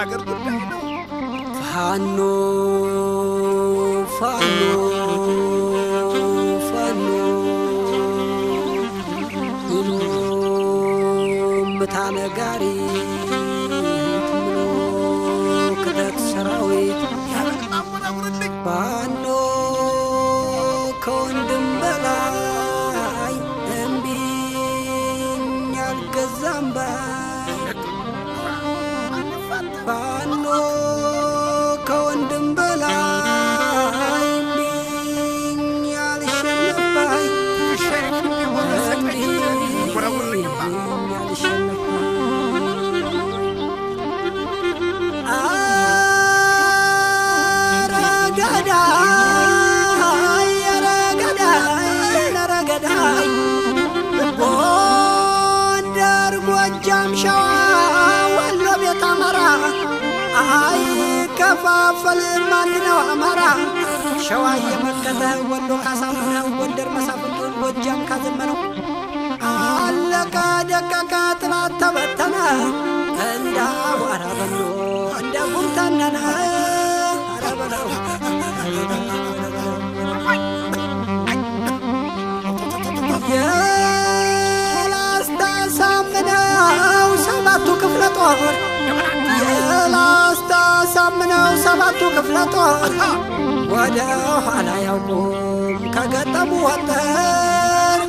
አገር ጉዳይ ነው። ፋኖ ፋኖ ፋኖ ብሎ ምታነጋሪ ከፋፈል ሸዋ የመከተ ወሎ ካሳምነ ጎንደር መሳፍንቱን ጎጃም ካዘመነው አለቀ ደቀቀ ጥላት ተበተነ እንዳ አቧራ በሎ እንደ ጉርተነነ አረበለው የላስታሳምነው ሰባቱ ክፍለ ጦር የላስታሳምነው ሰባቱ ክፍለ ጦር ወደ ኋላ ያውቁም ከገጠሙ ወጠር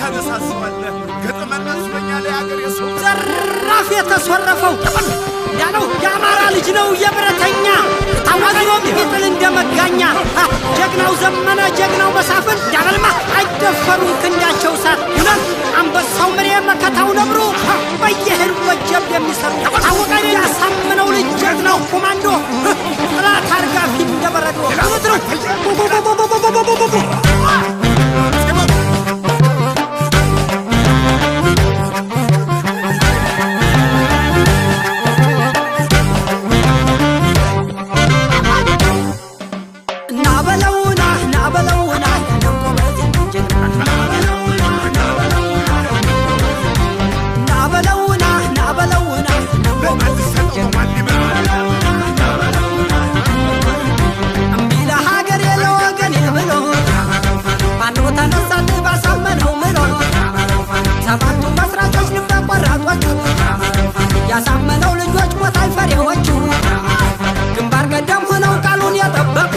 ተነሳስባለህ ገጠመና ስበኛ ላይ አገር ዘራፍ የተሰረፈው ያለው የአማራ ልጅ ነው የብረተኛ ታዋቂውም ቢጥል እንደ መጋኛ ጀግናው ዘመነ ጀግናው መሳፍን ዳበልማ አይደፈሩም ክንዳቸው ሳት ይላል ሰባቱ መስራቾች ልብ ያቆረጡት ያሳመነው ልጆች ሞታል ፈሪዎቹ ግንባር ቀደም ሆነው ቃሉን የጠበቁ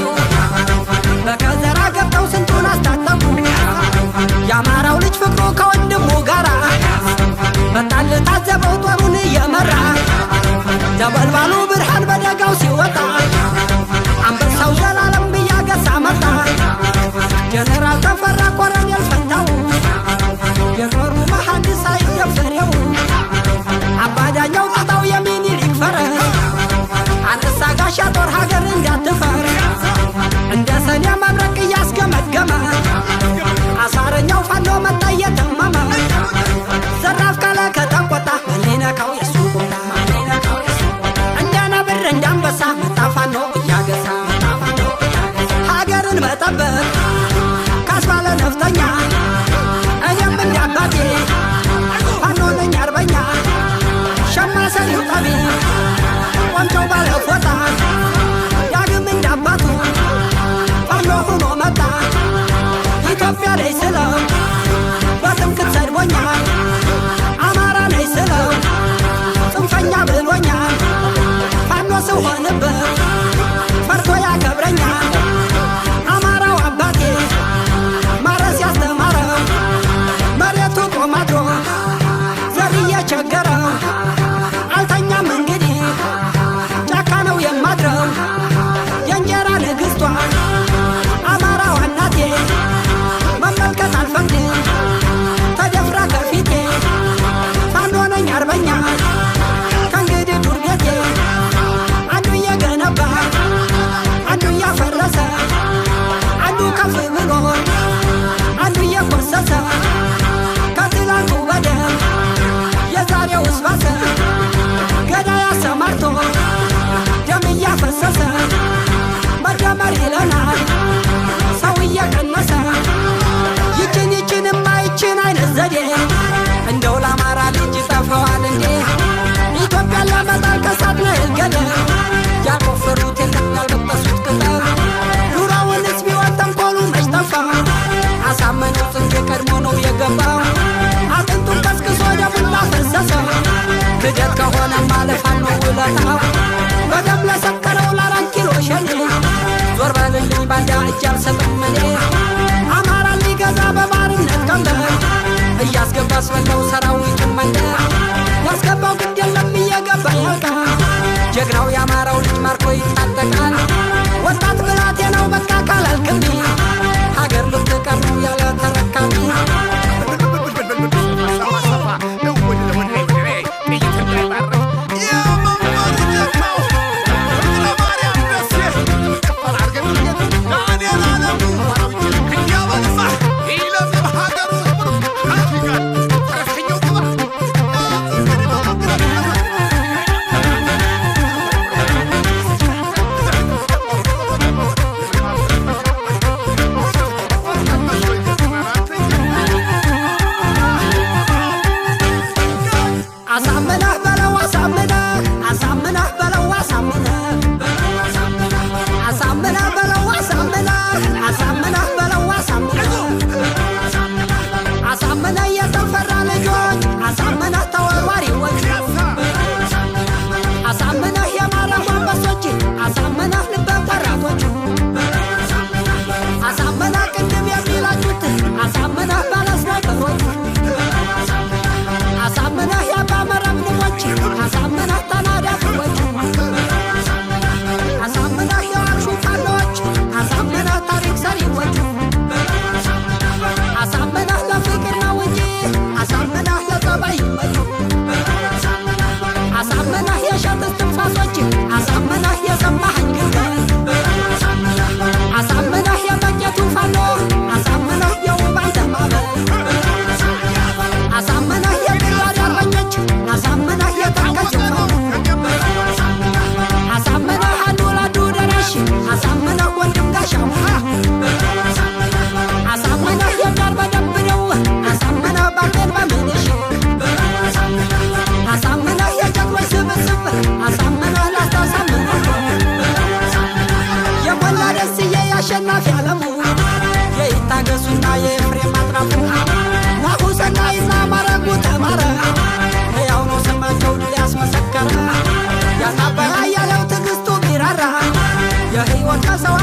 በከዘራ ገብተው ስንቱን አስታጠቁ የአማራው ልጅ ፍቅሩ ከወንድሙ ጋራ so unabashed. ልደት ከሆነ ማለፋን ነው ውለታው በደም ለሰከረው ለአራት ኪሎ ሸኝ ዞር በልልኝ ባንዳ አማራ ሊገዛ በባርነት ቀንደ እያስገባ አስበላው ሰራዊት መንደ ያስገባው ግድ የለም እየገባ ያልቃ ጀግናው የአማራው ልጅ ማርኮ ይታጠቃል ወጣት ብላቴ ነው በቃ ካላልክብኝ Your hate one cause